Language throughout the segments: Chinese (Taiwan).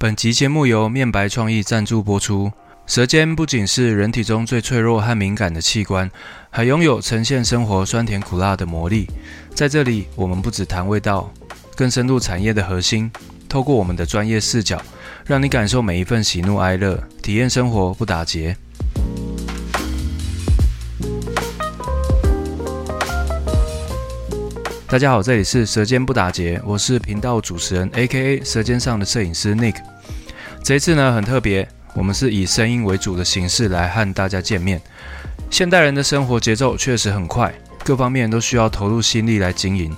本集節目由面白創意贊助播出。舌尖不僅是人體中最脆弱和敏感的器官，還擁有呈現生活酸甜苦辣的魔力。在這裡，我們不只談味道，更深入產業的核心，透過我們的專業視角，讓你感受每一份喜怒哀樂，體驗生活不打結。大家好，這裡是《舌尖不打結》，我是頻道主持人 aka 舌尖上的攝影師 Nick。這一次呢，很特別，我們是以聲音為主的形式來和大家見面。現代人的生活節奏確實很快，各方面都需要投入心力來經營。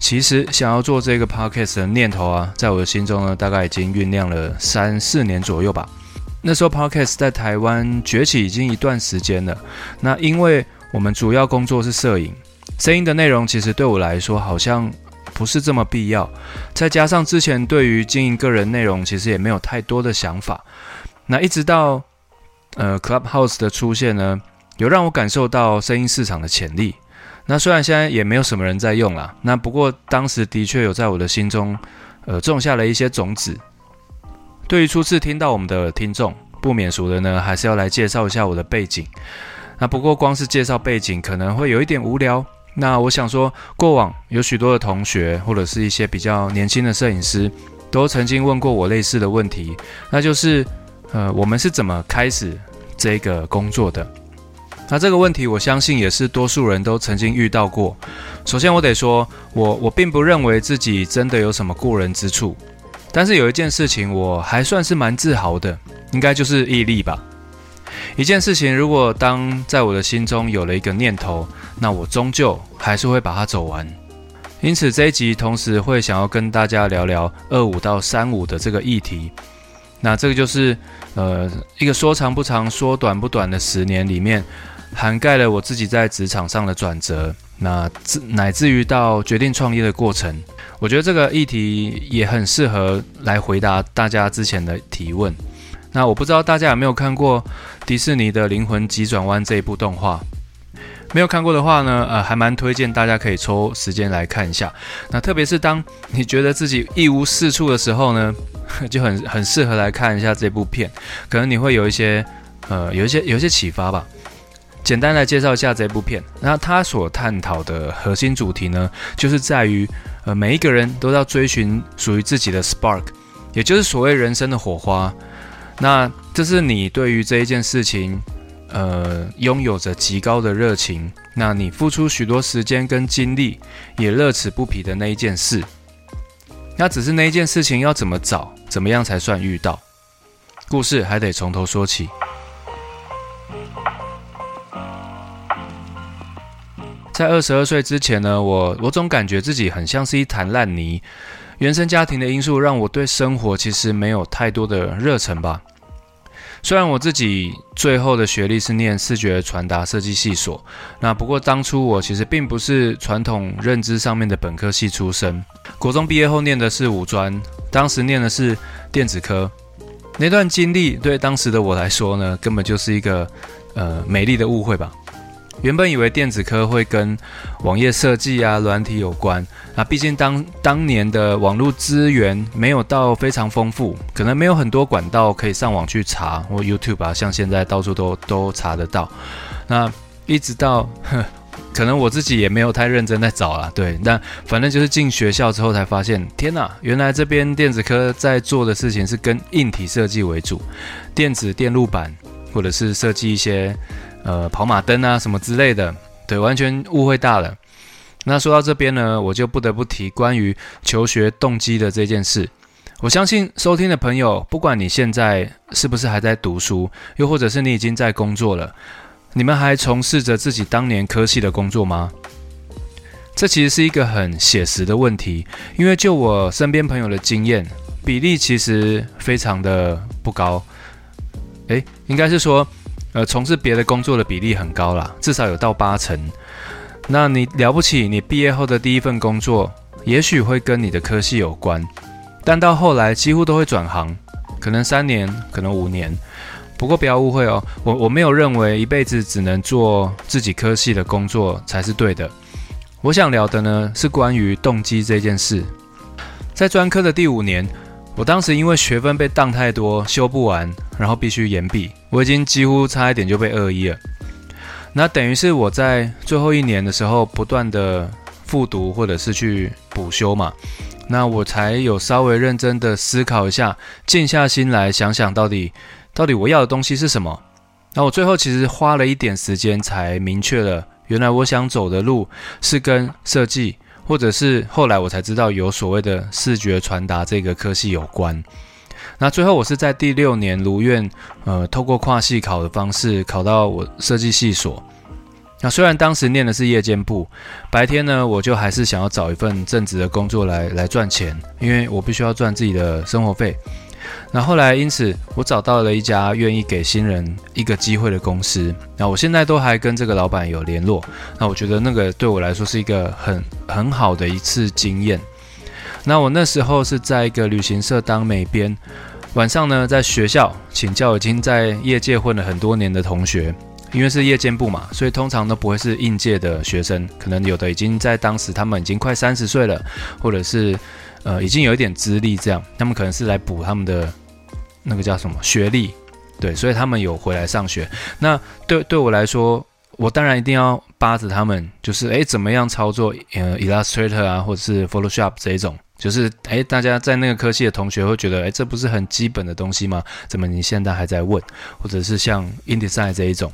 其實想要做這個 Podcast 的念頭啊，在我的心中呢，大概已經醞釀了三四年左右吧。那時候 Podcast 在台灣崛起已經一段時間了，那因為我們主要工作是攝影。聲音的內容其實對我來說好像不是這麼必要，再加上之前對於經營個人內容其實也沒有太多的想法，那一直到呃 Clubhouse 的出現呢，有讓我感受到聲音市場的潛力。那雖然現在也沒有什麼人在用了，那不過當時的確有在我的心中，呃種下了一些種子。對於初次聽到我們的聽眾，不免俗的呢，還是要來介紹一下我的背景。那不過光是介紹背景可能會有一點無聊。那我想說，過往有許多的同學或者是一些比較年輕的攝影師，都曾經問過我類似的問題，那就是，呃，我們是怎麼開始這個工作的？那這個問題，我相信也是多數人都曾經遇到過。首先，我得說，我我並不認為自己真的有什麼過人之處，但是有一件事情我還算是蠻自豪的，應該就是毅力吧。一件事情，如果當在我的心中有了一個念頭，那我終究還是會把它走完。因此，這一集同時會想要跟大家聊聊二五到三五的這個議題。那這個就是呃一個說長不長、說短不短的十年裡面，涵蓋了我自己在職場上的轉折，那乃至於到決定創業的過程。我覺得這個議題也很適合來回答大家之前的提問。那我不知道大家有沒有看過迪士尼的《靈魂急轉彎》這一部動畫？沒有看過的話呢，呃，還蠻推薦大家可以抽時間來看一下。那特別是當你覺得自己一無是處的時候呢，就很很適合來看一下這部片，可能你會有一些呃有一些有一些啟發吧。簡單來介紹一下這部片，那它所探討的核心主題呢，就是在於呃每一個人都要追尋屬於自己的 Spark，也就是所謂人生的火花。那這是你對於這一件事情，呃，擁有着極高的熱情，那你付出許多時間跟精力，也樂此不疲的那一件事，那只是那一件事情要怎麼找，怎麼樣才算遇到？故事還得從頭說起。在二十二歲之前呢，我我總感覺自己很像是一灘爛泥。原生家庭的因素讓我對生活其實沒有太多的熱忱吧。雖然我自己最後的學歷是念視覺傳達設計系所，那不過當初我其實並不是傳統認知上面的本科系出身。國中畢業後念的是五專，當時念的是電子科。那段經歷對當時的我來說呢，根本就是一個呃美麗的誤會吧。原本以為電子科會跟網頁設計啊、軟體有關，那畢竟當當年的網絡資源沒有到非常豐富，可能沒有很多管道，可以上網去查，或 YouTube 啊，像現在到處都都查得到。那一直到，呵，可能我自己也沒有太認真在找啦。對，那反正就是進學校之後才發現，天哪，原來這邊電子科在做的事情是跟硬體設計為主，電子電路板或者是設計一些。呃，跑馬燈啊，什麼之類的，對，完全誤會大了。那說到這邊呢，我就不得不提關於求學動機的這件事。我相信收聽的朋友，不管你現在是不是還在讀書，又或者是你已經在工作了，你們還從事着自己當年科系的工作嗎？這其實是一個很寫實的問題，因為就我身邊朋友的經驗，比例其實非常的不高。誒，應該是說。呃，從事別的工作的比例很高啦，至少有到八成。那你了不起，你畢業後的第一份工作也許會跟你的科系有關，但到後來幾乎都會轉行，可能三年，可能五年。不過不要誤會哦，我我沒有認為一輩子只能做自己科系的工作才是對的。我想聊的呢，是關於動機這件事，在專科的第五年。我當時因為學分被當太多，修不完，然後必須延畢。我已經幾乎差一點就被二一了。那等於是我在最後一年的時候，不斷的複讀或者是去補修嘛。那我才有稍微認真的思考一下，靜下心來想想到底到底我要的東西是什麼。那我最後其實花了一點時間才明確了，原來我想走的路是跟設計。或者是後來我才知道有所謂的視覺傳達這個科系有關。那最後我是在第六年如願，呃，透過跨系考的方式考到我設計系所。那雖然當時念的是夜間部，白天呢，我就還是想要找一份正職的工作來來賺錢，因為我必須要賺自己的生活費。那後來，因此我找到了一家願意給新人一個機會的公司。那我現在都還跟這個老板有聯絡。那我覺得那個對我來說是一個很很好的一次經驗。那我那時候是在一個旅行社當美編，晚上呢，在學校請教已經在業界混了很多年的同學，因為是夜間部嘛，所以通常都不會是應屆的學生，可能有的已經在當時他們已經快三十歲了，或者是。呃，已經有一點資歷，這樣他們可能是來補他們的那個叫什麼學歷，對，所以他們有回來上學。那對對我來說，我當然一定要巴着他們，就是誒怎麼樣操作呃，Illustrator 啊，或者是 Photoshop 這一種。就是哎，大家在那個科系的同學會覺得，哎，這不是很基本的東西嗎？怎麼你現在還在問？或者是像 InDesign 這一種，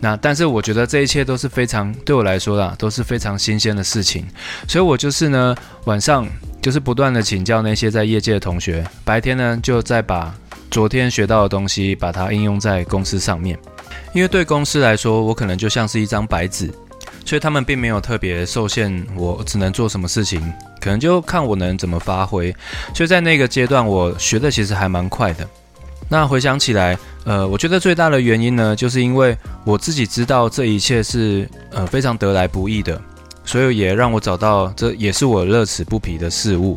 那但是我覺得這一切都是非常對我來說啦，都是非常新鮮的事情。所以我就是呢，晚上就是不斷的請教那些在業界的同學，白天呢就再把昨天學到的東西把它應用在公司上面。因為對公司來說，我可能就像是一張白紙，所以他們並沒有特別受限，我只能做什麼事情。可能就看我能怎麼發揮，所以在那個階段，我學的其實還蠻快的。那回想起來，呃，我覺得最大的原因呢，就是因為我自己知道這一切是呃非常得來不易的，所以也讓我找到這也是我樂此不疲的事物。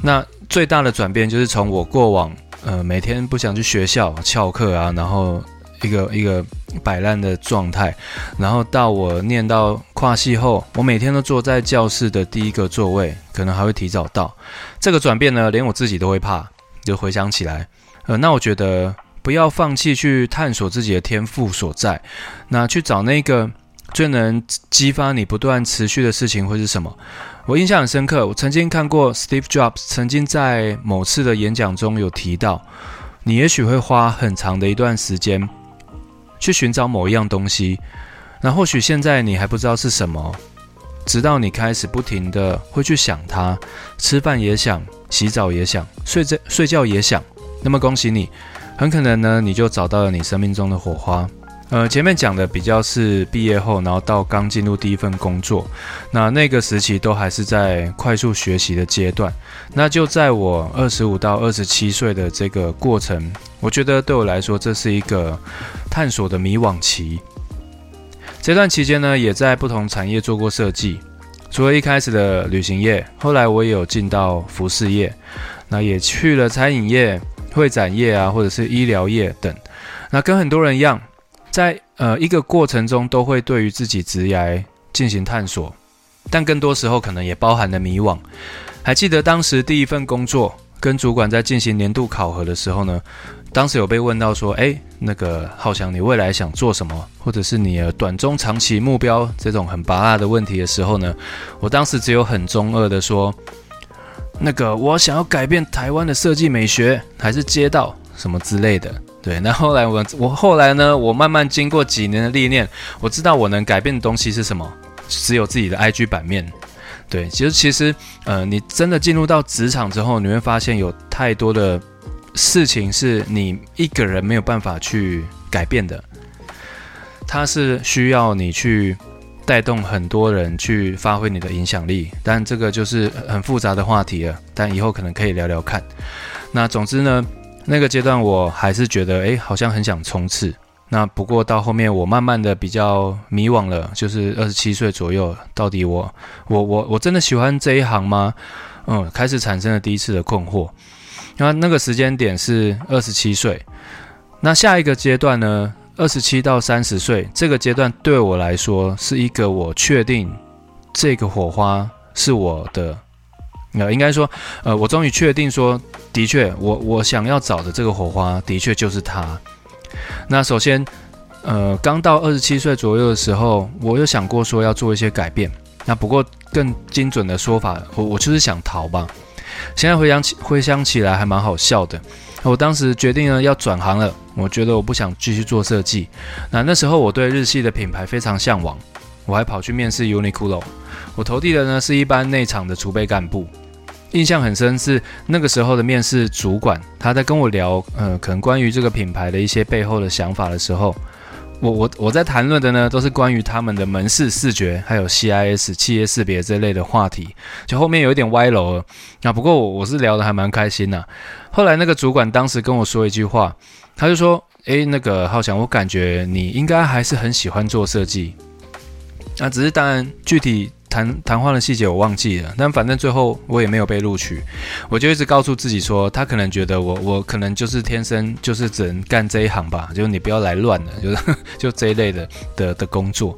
那最大的轉變就是從我過往呃每天不想去學校翹課啊，然後。一個一個擺爛的狀態，然後到我念到跨系後，我每天都坐在教室的第一個座位，可能還會提早到。這個轉變呢，連我自己都會怕。就回想起來，呃，那我覺得不要放棄去探索自己的天賦所在，那去找那個最能激發你不斷持續的事情會是什麼？我印象很深刻，我曾經看過 Steve Jobs 曾經在某次的演講中有提到，你也許會花很長的一段時間。去尋找某一樣東西，那或許現在你還不知道是什麼，直到你開始不停地會去想它，吃飯也想，洗澡也想，睡着睡覺也想。那麼恭喜你，很可能呢，你就找到了你生命中的火花。呃，前面講的比較是畢業後，然後到剛進入第一份工作，那那個時期都還是在快速學習的階段。那就在我二十五到二十七歲的這個過程，我覺得對我來說這是一個。探索的迷惘期，這段期間呢，也在不同產業做過設計。除了一開始的旅行業，後來我也有進到服飾業，那也去了餐飲業、會展業啊，或者是醫療業等。那跟很多人一樣，在呃一個過程中，都會對於自己職業進行探索，但更多時候可能也包含了迷惘。還記得當時第一份工作，跟主管在進行年度考核的時候呢，當時有被問到說：“誒、欸，那個浩翔，你未來想做什麼？或者是你的短中長期目標這種很芭樂的問題的時候呢？”我當時只有很中二的說：“那個我想要改變台灣的設計美學，還是街道什麼之類的。”對。那後來我我後來呢，我慢慢經過幾年的歷練，我知道我能改變的東西是什麼，只有自己的 IG 版面。對，其實其實呃，你真的進入到職場之後，你會發現有太多的。事情是你一個人沒有辦法去改變的，它是需要你去帶動很多人去發揮你的影響力，但這個就是很複雜的話題了。但以後可能可以聊聊看。那總之呢，那個階段我還是覺得，誒，好像很想衝刺。那不過到後面我慢慢的比較迷惘了，就是二十七歲左右，到底我我我我真的喜歡這一行嗎？嗯，開始產生了第一次的困惑。那那個時間點是二十七歲，那下一個階段呢？二十七到三十歲這個階段對我來說是一個我確定這個火花是我的，那應該說，呃，我終於確定說，的確，我我想要找的這個火花的確就是他。那首先，呃，剛到二十七歲左右的時候，我有想過說要做一些改變。那不過更精準的說法，我我就是想逃吧。現在回想起，回想起來還蠻好笑的。我當時決定呢要轉行了，我覺得我不想繼續做設計。那那時候我對日系的品牌非常向往，我還跑去面試 UNIQLO。我投遞的呢是一般內場的儲備幹部。印象很深是那個時候的面試主管，他在跟我聊，呃，可能關於這個品牌的一些背後的想法的時候，我我我在談論的呢，都是關於他們的門市視覺，還有 CIS 企業識別這類的話題，就後面有一點歪樓了。那、啊、不過我我是聊得還蠻開心的、啊。後來那個主管當時跟我說一句話，他就說：“誒、欸，那個浩翔，好像我感覺你應該還是很喜歡做設計，那、啊、只是當然具體。”談談話的細節我忘記了，但反正最後我也沒有被錄取，我就一直告訴自己說，他可能覺得我我可能就是天生就是只能幹這一行吧，就是你不要來亂了，就是就這一類的的的工作。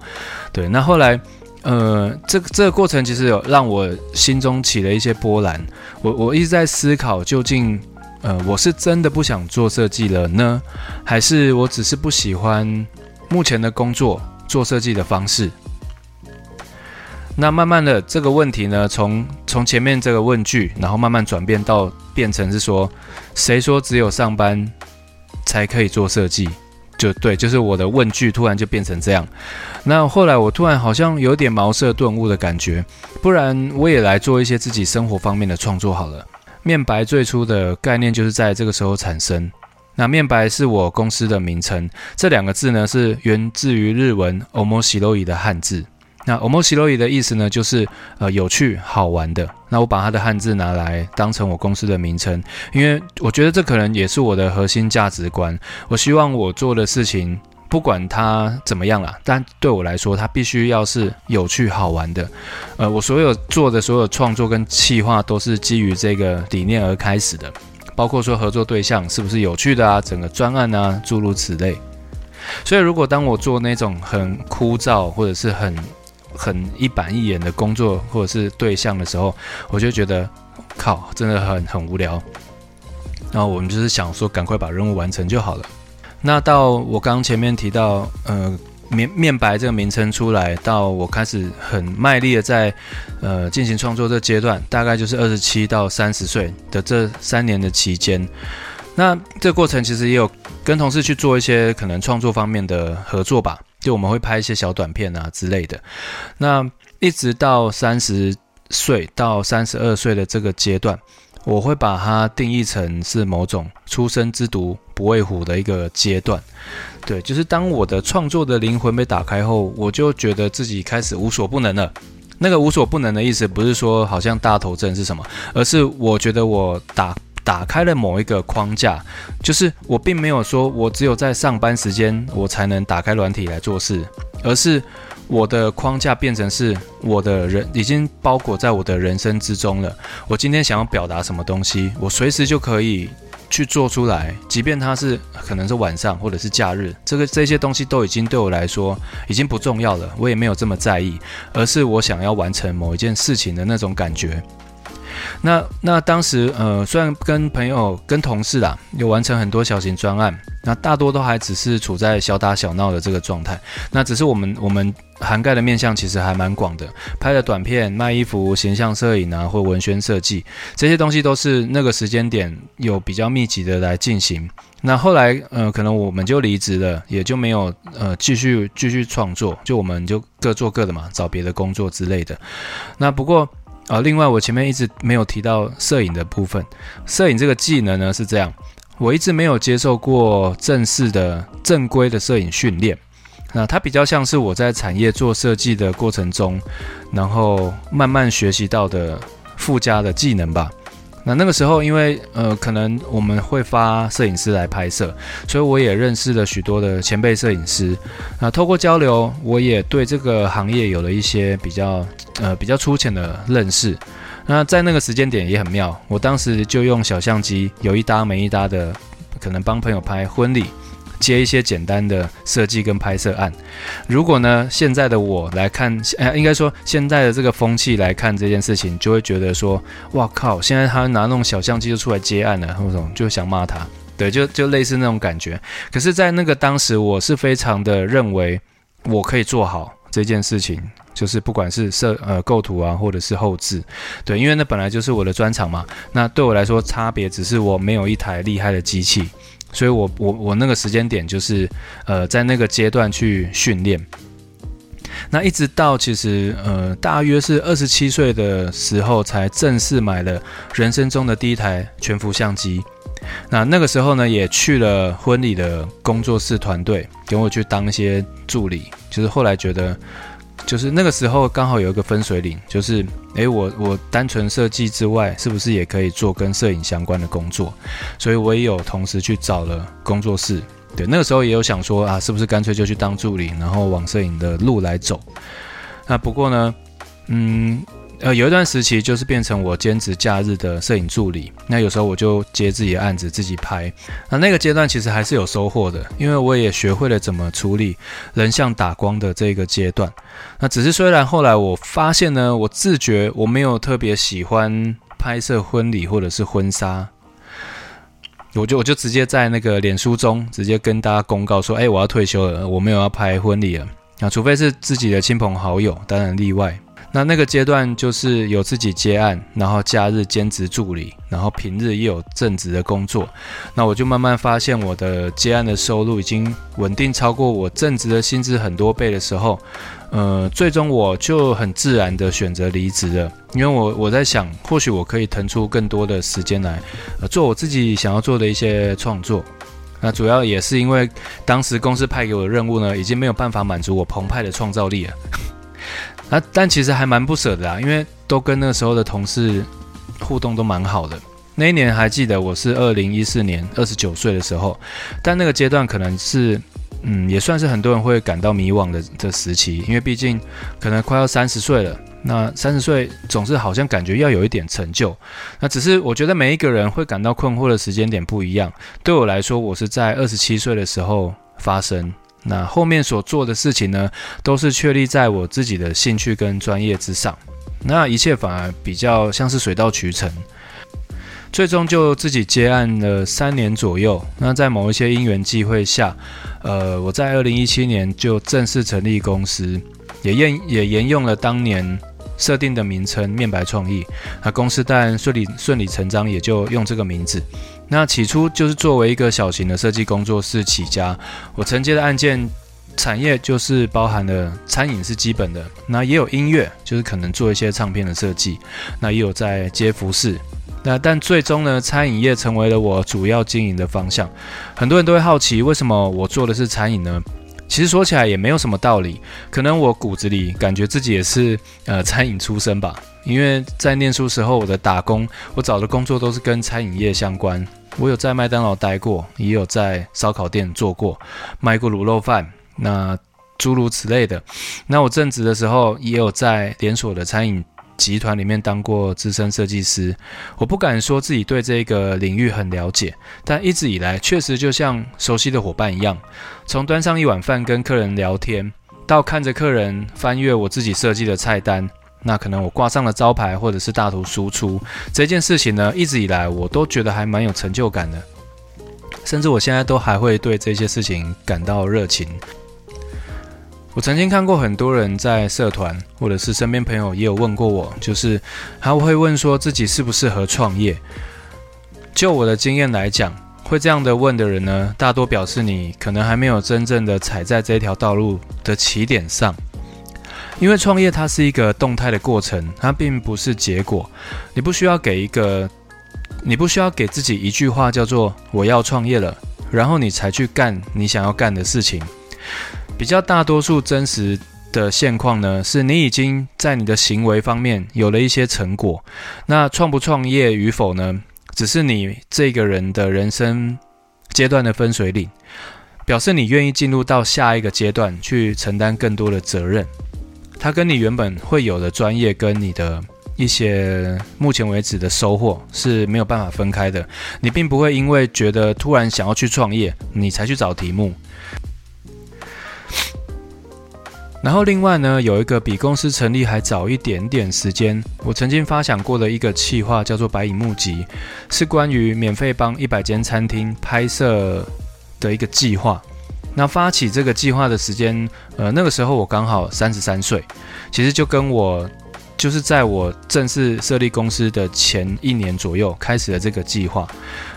對，那後來，呃，這個這個過程其實有讓我心中起了一些波瀾，我我一直在思考，究竟呃我是真的不想做設計了呢，還是我只是不喜歡目前的工作做設計的方式？那慢慢的這個問題呢，從從前面這個問句，然後慢慢轉變到變成是說，誰說只有上班才可以做設計？就對，就是我的問句突然就變成這樣。那後來我突然好像有點茅塞頓悟的感覺，不然我也來做一些自己生活方面的創作好了。面白最初的概念就是在這個時候產生。那面白是我公司的名稱，這兩個字呢是源自於日文 “omoshiroi” 的漢字。那 omoshiroi 的意思呢，就是呃有趣好玩的。那我把它的漢字拿來當成我公司的名稱，因為我覺得這可能也是我的核心價值觀。我希望我做的事情，不管它怎麼樣啦，但對我來說，它必須要是有趣好玩的。呃，我所有做的所有創作跟企劃都是基於這個理念而開始的，包括說合作對象是不是有趣的啊，整個專案啊，諸如此類。所以如果當我做那種很枯燥或者是很很一板一眼的工作，或者是對象的時候，我就覺得，靠，真的很很無聊。然後我們就是想說，趕快把任務完成就好了。那到我剛前面提到，呃，面面白這個名稱出來，到我開始很賣力的在呃進行創作這階段，大概就是二十七到三十歲的這三年的期間。那這過程其實也有跟同事去做一些可能創作方面的合作吧。就我們會拍一些小短片啊之類的，那一直到三十歲到三十二歲的這個階段，我會把它定義成是某種初生之犢不畏虎的一個階段。對，就是當我的創作的靈魂被打開後，我就覺得自己開始無所不能了。那個無所不能的意思不是說好像大頭症是什麼，而是我覺得我打。打開了某一個框架，就是我並沒有說我只有在上班時間我才能打開軟體來做事，而是我的框架變成是我的人已經包裹在我的人生之中了。我今天想要表達什麼東西，我隨時就可以去做出來，即便它是可能是晚上或者是假日，這個這些東西都已經對我來說已經不重要了，我也沒有這麼在意，而是我想要完成某一件事情的那種感覺。那那當時，呃，雖然跟朋友、跟同事啦，有完成很多小型專案，那大多都還只是處在小打小鬧的這個狀態。那只是我們我們涵蓋的面向其實還蠻廣的，拍的短片、賣衣服、形象攝影啊，或文宣設計這些東西，都是那個時間點有比較密集的來進行。那後來，呃，可能我們就離職了，也就沒有呃繼續繼續創作，就我們就各做各的嘛，找別的工作之類的。那不過。啊，另外我前面一直沒有提到攝影的部分，攝影這個技能呢是這樣，我一直沒有接受過正式的正規的攝影訓練，那它比較像是我在產業做設計的過程中，然後慢慢學習到的附加的技能吧。那那個時候，因為呃，可能我們會發攝影師來拍攝，所以我也認識了許多的前輩攝影師。那透過交流，我也對這個行業有了一些比較呃比較粗淺的認識。那在那個時間點也很妙，我當時就用小相機有一搭沒一搭的，可能幫朋友拍婚禮。接一些簡單的設計跟拍攝案，如果呢現在的我來看，欸、應該說現在的這個風氣來看這件事情，就會覺得說，哇靠！現在他拿那種小相機就出來接案了，那種就想罵他，對，就就類似那種感覺。可是，在那個當時，我是非常的認為我可以做好這件事情，就是不管是設呃構圖啊，或者是後製，對，因為那本來就是我的專長嘛。那對我來說，差別只是我沒有一台厲害的機器。所以我，我我我那個時間點就是，呃，在那個階段去訓練。那一直到其實，呃，大約是二十七歲的時候，才正式買了人生中的第一台全幅相機。那那個時候呢，也去了婚禮的工作室團隊，給我去當一些助理。就是後來覺得。就是那個時候剛好有一個分水嶺，就是誒，我我單純設計之外，是不是也可以做跟攝影相關的工作？所以我也有同時去找了工作室。對，那個時候也有想說啊，是不是乾脆就去當助理，然後往攝影的路來走？那不過呢，嗯。呃，有一段時期就是變成我兼職假日的攝影助理，那有時候我就接自己的案子自己拍，那那個階段其實還是有收穫的，因為我也學會了怎麼處理人像打光的這個階段。那只是雖然後來我發現呢，我自覺我沒有特別喜歡拍攝婚禮或者是婚紗，我就我就直接在那個臉書中直接跟大家公告說，欸，我要退休了，我沒有要拍婚禮了，那除非是自己的親朋好友，當然例外。那那個階段就是有自己接案，然後假日兼職助理，然後平日也有正職的工作。那我就慢慢發現我的接案的收入已經穩定超過我正職的薪資很多倍的時候，呃，最終我就很自然的選擇離職了。因為我我在想，或許我可以騰出更多的時間來，呃，做我自己想要做的一些創作。那主要也是因為當時公司派給我的任務呢，已經沒有辦法滿足我澎湃的創造力了。啊，但其實還蠻不捨的啊，因為都跟那時候的同事互動都蠻好的。那一年還記得我是二零一四年二十九歲的時候，但那個階段可能是，嗯，也算是很多人會感到迷惘的的時期，因為畢竟可能快要三十歲了。那三十歲總是好像感覺要有一點成就。那只是我覺得每一個人會感到困惑的時間點不一樣。對我來說，我是在二十七歲的時候發生。那後面所做的事情呢，都是確立在我自己的興趣跟專業之上，那一切反而比較像是水到渠成。最終就自己接案了三年左右。那在某一些因緣際會下，呃，我在二零一七年就正式成立公司，也沿也沿用了當年設定的名稱“面白創意”。那公司當然順理順理成章也就用這個名字。那起初就是作為一個小型的設計工作室起家，我承接的案件產業就是包含了餐飲是基本的，那也有音樂，就是可能做一些唱片的設計，那也有在接服飾，那但最終呢，餐飲業成為了我主要經營的方向。很多人都會好奇，為什麼我做的是餐飲呢？其實說起來也沒有什麼道理，可能我骨子裡感覺自己也是呃，餐飲出身吧。因為在念書時候，我的打工，我找的工作都是跟餐飲業相關。我有在麥當勞待過，也有在燒烤店做過，賣過滷肉肉飯，那諸如此類的。那我正職的時候，也有在連鎖的餐飲集團裡面當過資深設計師。我不敢說自己對這個領域很了解，但一直以來，確實就像熟悉的夥伴一樣，從端上一碗飯跟客人聊天，到看着客人翻閱我自己設計的菜單。那可能我掛上了招牌，或者是大圖輸出這件事情呢，一直以來我都覺得還蠻有成就感的，甚至我現在都還會對這些事情感到熱情。我曾經看過很多人在社團，或者是身邊朋友也有問過我，就是還會問說自己適不適合創業。就我的經驗來講，會這樣的問的人呢，大多表示你可能還沒有真正的踩在這條道路的起點上。因為創業它是一個動態的過程，它並不是結果。你不需要給一個，你不需要給自己一句話叫做“我要創業了”，然後你才去幹你想要幹的事情。比較大多數真實的現況呢，是你已經在你的行為方面有了一些成果。那創不創業與否呢？只是你這個人的人生階段的分水嶺，表示你願意進入到下一個階段去承擔更多的責任。它跟你原本會有的專業，跟你的一些目前為止的收穫是沒有辦法分開的。你並不會因為覺得突然想要去創業，你才去找題目。然後另外呢，有一個比公司成立還早一點點時間，我曾經發想過的一個企劃，叫做“白蟻募集”，是關於免費幫一百間餐廳拍攝的一個計劃。那發起這個計劃的時間，呃，那個時候我剛好三十三歲，其實就跟我就是在我正式設立公司的前一年左右開始了這個計劃。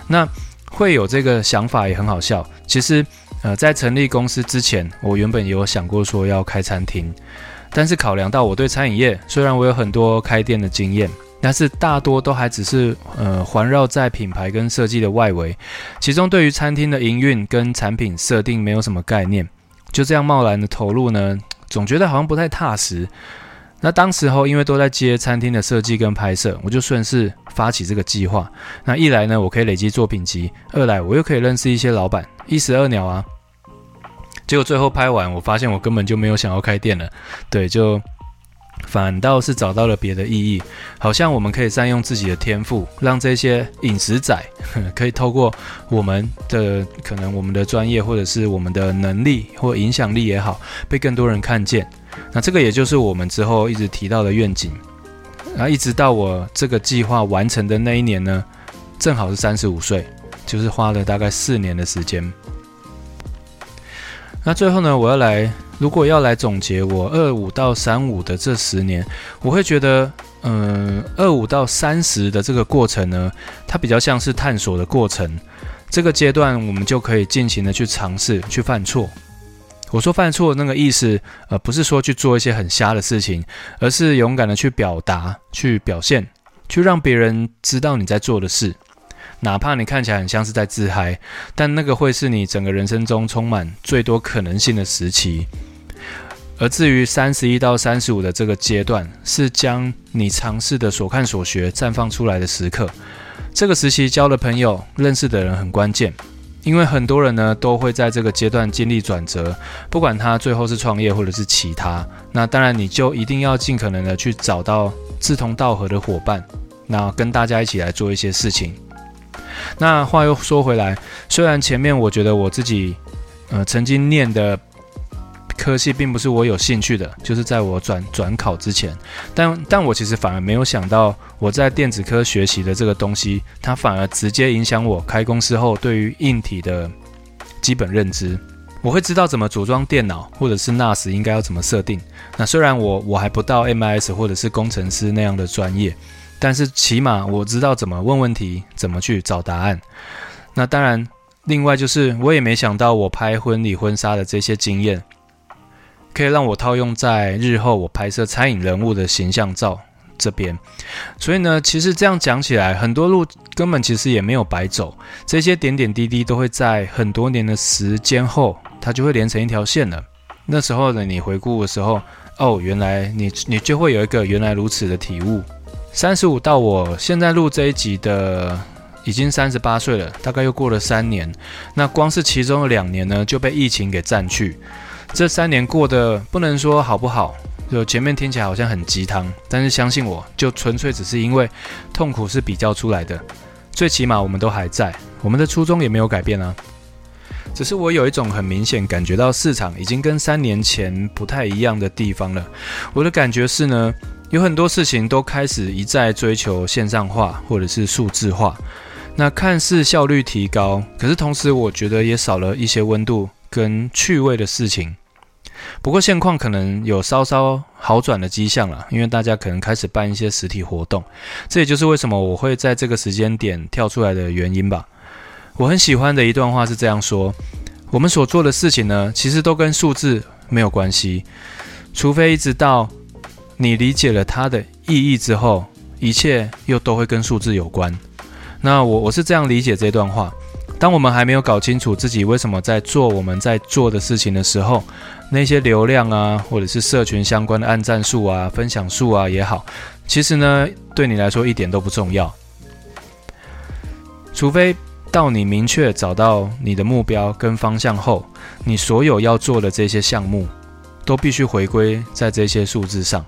那會有這個想法也很好笑，其實呃，在成立公司之前，我原本也有想過說要開餐廳，但是考量到我對餐飲業，雖然我有很多開店的經驗。但是大多都還只是呃環繞在品牌跟設計的外圍，其中對於餐廳的營運跟產品設定沒有什麼概念，就這樣貿然的投入呢，總覺得好像不太踏實。那當時候因為都在接餐廳的設計跟拍攝，我就順勢發起這個計劃。那一來呢，我可以累積作品集；二來我又可以認識一些老板，一石二鳥啊。結果最後拍完，我發現我根本就沒有想要開店了。對，就。反倒是找到了別的意義，好像我們可以善用自己的天賦，讓這些飲食仔哼，可以透過我們的可能我們的專業或者是我們的能力或影響力也好，被更多人看見。那這個也就是我們之後一直提到的願景。那一直到我這個計劃完成的那一年呢，正好是三十五歲，就是花了大概四年的時間。那最後呢，我要來。如果要來總結我二五到三五的這十年，我會覺得，嗯，二五到三十的這個過程呢，它比較像是探索的過程。這個階段我們就可以盡情的去嘗試，去犯錯。我說犯錯的那個意思，呃，不是說去做一些很瞎的事情，而是勇敢的去表達，去表現，去讓別人知道你在做的事。哪怕你看起來很像是在自嗨，但那個會是你整個人生中充滿最多可能性的時期。而至於三十一到三十五的這個階段，是將你嘗試的所看所學綻放出來的時刻。這個時期交的朋友、認識的人很關鍵，因為很多人呢都會在這個階段經歷轉折，不管他最後是創業或者是其他。那當然，你就一定要盡可能的去找到志同道合的夥伴，那跟大家一起來做一些事情。那話又說回來，雖然前面我覺得我自己，呃，曾經念的。科系並不是我有興趣的，就是在我轉轉考之前，但但我其實反而沒有想到，我在電子科學習的這個東西，它反而直接影響我開公司後對於硬體的基本認知。我會知道怎麼組裝電腦，或者是 NAS 應該要怎麼設定。那雖然我我還不到 MIS 或者是工程師那樣的專業，但是起碼我知道怎麼問問題，怎麼去找答案。那當然，另外就是我也沒想到我拍婚禮婚紗的這些經驗。可以讓我套用在日後我拍攝餐飲人物的形象照這邊，所以呢，其實這樣講起來，很多路根本其實也沒有白走，這些點點滴滴都會在很多年的時間後，它就會連成一條線了。那時候呢，你回顧的時候，哦，原來你你就會有一個原來如此的體悟。三十五到我現在錄這一集的，已經三十八歲了，大概又過了三年，那光是其中的兩年呢，就被疫情給佔去。這三年過得不能說好不好，就前面聽起來好像很雞湯，但是相信我，就純粹只是因為痛苦是比較出來的，最起碼我們都還在，我們的初衷也沒有改變啊。只是我有一種很明顯感覺到市場已經跟三年前不太一樣的地方了。我的感覺是呢，有很多事情都開始一再追求線上化或者是數字化，那看似效率提高，可是同時我覺得也少了一些溫度跟趣味的事情。不過現況可能有稍稍好轉的跡象了，因為大家可能開始辦一些實體活動，這也就是為什麼我會在這個時間點跳出來的原因吧。我很喜歡的一段話是這樣說：我們所做的事情呢，其實都跟數字沒有關係，除非一直到你理解了它的意義之後，一切又都會跟數字有關。那我我是這樣理解這段話。當我們還沒有搞清楚自己為什麼在做我們在做的事情的時候，那些流量啊，或者是社群相關的按讚數啊、分享數啊也好，其實呢，對你來說一點都不重要。除非到你明確找到你的目標跟方向後，你所有要做的這些項目，都必須回歸在這些數字上，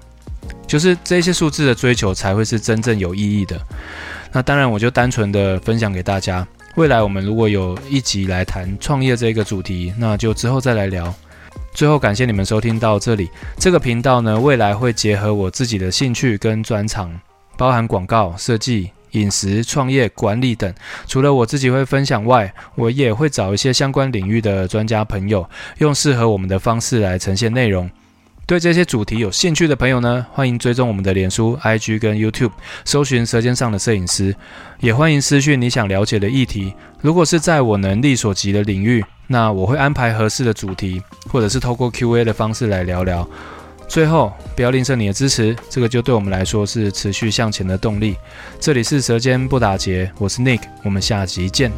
就是這些數字的追求才會是真正有意義的。那當然，我就單純的分享給大家。未來我們如果有一集來談創業這個主題，那就之後再來聊。最後感謝你們收聽到這裡。這個頻道呢，未來會結合我自己的興趣跟專長，包含廣告設計、飲食、創業、管理等。除了我自己會分享外，我也會找一些相關領域的專家朋友，用適合我們的方式來呈現內容。對這些主題有興趣的朋友呢，歡迎追蹤我們的臉書、IG 跟 YouTube，搜尋《舌尖上的攝影師》，也歡迎私訊你想了解的議題。如果是在我能力所及的領域，那我會安排合適的主題，或者是透過 Q&A 的方式來聊聊。最後，不要吝嗇你的支持，這個就對我們來說是持續向前的動力。這裡是《舌尖不打結》，我是 Nick，我們下集見。